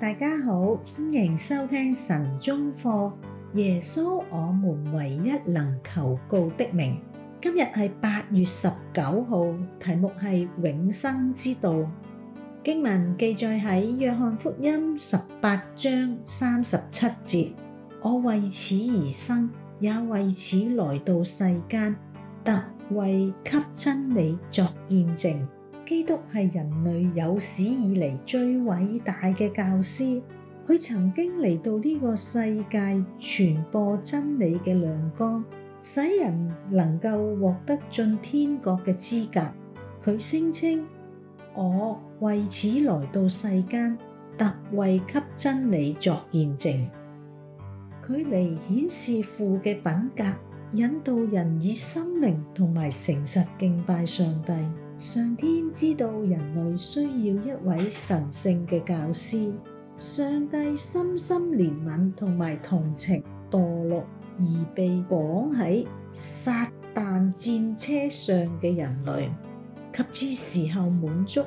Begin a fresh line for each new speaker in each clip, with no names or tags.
大家好，歡迎收聽神中課。耶穌，我們唯一能求告的名。今日係八月十九號，題目係永生之道。經文記載喺約翰福音十八章三十七節：我為此而生，也為此來到世間，特為給真理作見證。基督係人類有史以嚟最偉大嘅教師，佢曾經嚟到呢個世界傳播真理嘅亮光，使人能夠獲得進天國嘅資格。佢聲稱：我為此來到世間，特為給真理作見證。佢嚟顯示父嘅品格，引導人以心靈同埋誠實敬拜上帝。上天知道人類需要一位神聖嘅教師，上帝深深憐憫同埋同情墮落而被綁喺撒旦戰車上嘅人類，及至時候滿足，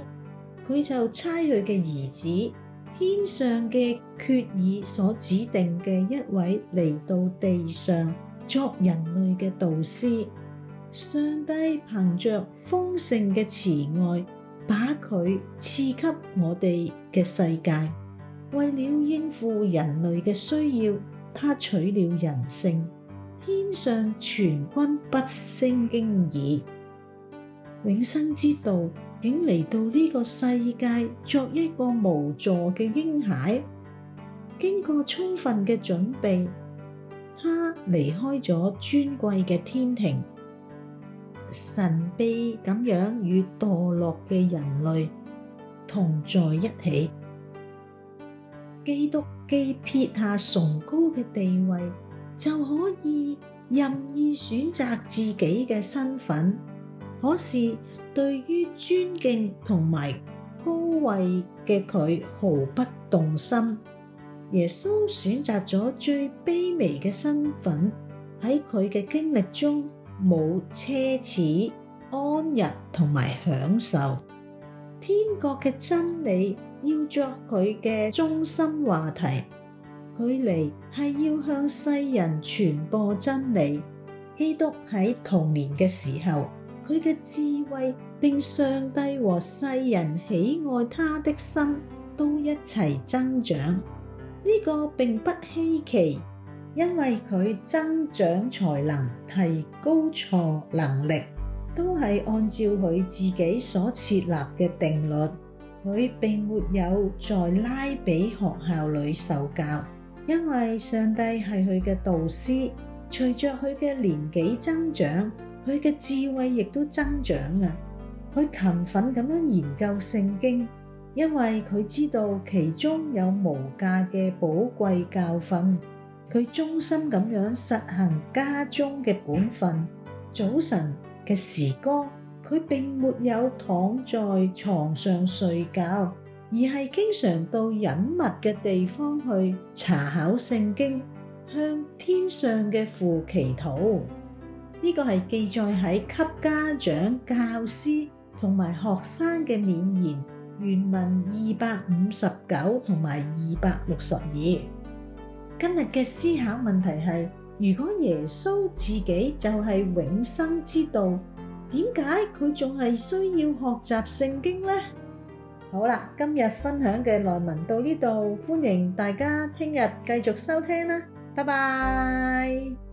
佢就差佢嘅兒子，天上嘅決議所指定嘅一位嚟到地上作人類嘅導師。上帝憑着豐盛嘅慈愛，把佢賜給我哋嘅世界，為了應付人類嘅需要，他取了人性。天上全軍不勝驚異，永生之道竟嚟到呢個世界作一個無助嘅嬰孩。經過充分嘅準備，他離開咗尊貴嘅天庭。神秘咁樣與墮落嘅人類同在一起，基督既撇下崇高嘅地位，就可以任意選擇自己嘅身份。可是對於尊敬同埋高位嘅佢毫不動心。耶穌選擇咗最卑微嘅身份，喺佢嘅經歷中。冇奢侈、安逸同埋享受，天國嘅真理要作佢嘅中心話題。佢嚟係要向世人傳播真理。基督喺童年嘅時候，佢嘅智慧並上帝和世人喜愛他的心都一齊增長。呢個並不稀奇。因為佢增長才能，提高錯能力，都係按照佢自己所設立嘅定律。佢並沒有在拉比學校裏受教，因為上帝係佢嘅導師。隨着佢嘅年紀增長，佢嘅智慧亦都增長喇！佢勤奮咁樣研究聖經，因為佢知道其中有無價嘅寶貴教訓。佢忠心咁樣實行家中嘅本分，早晨嘅時光，佢並沒有躺在床上睡覺，而係經常到隱密嘅地方去查考聖經，向天上嘅父祈禱。呢、這個係記載喺給家長、教師同埋學生嘅勉言原文二百五十九同埋二百六十二。今日嘅思考問題係：如果耶穌自己就係永生之道，點解佢仲係需要學習聖經呢？好啦，今日分享嘅內文到呢度，歡迎大家聽日繼續收聽啦，拜拜。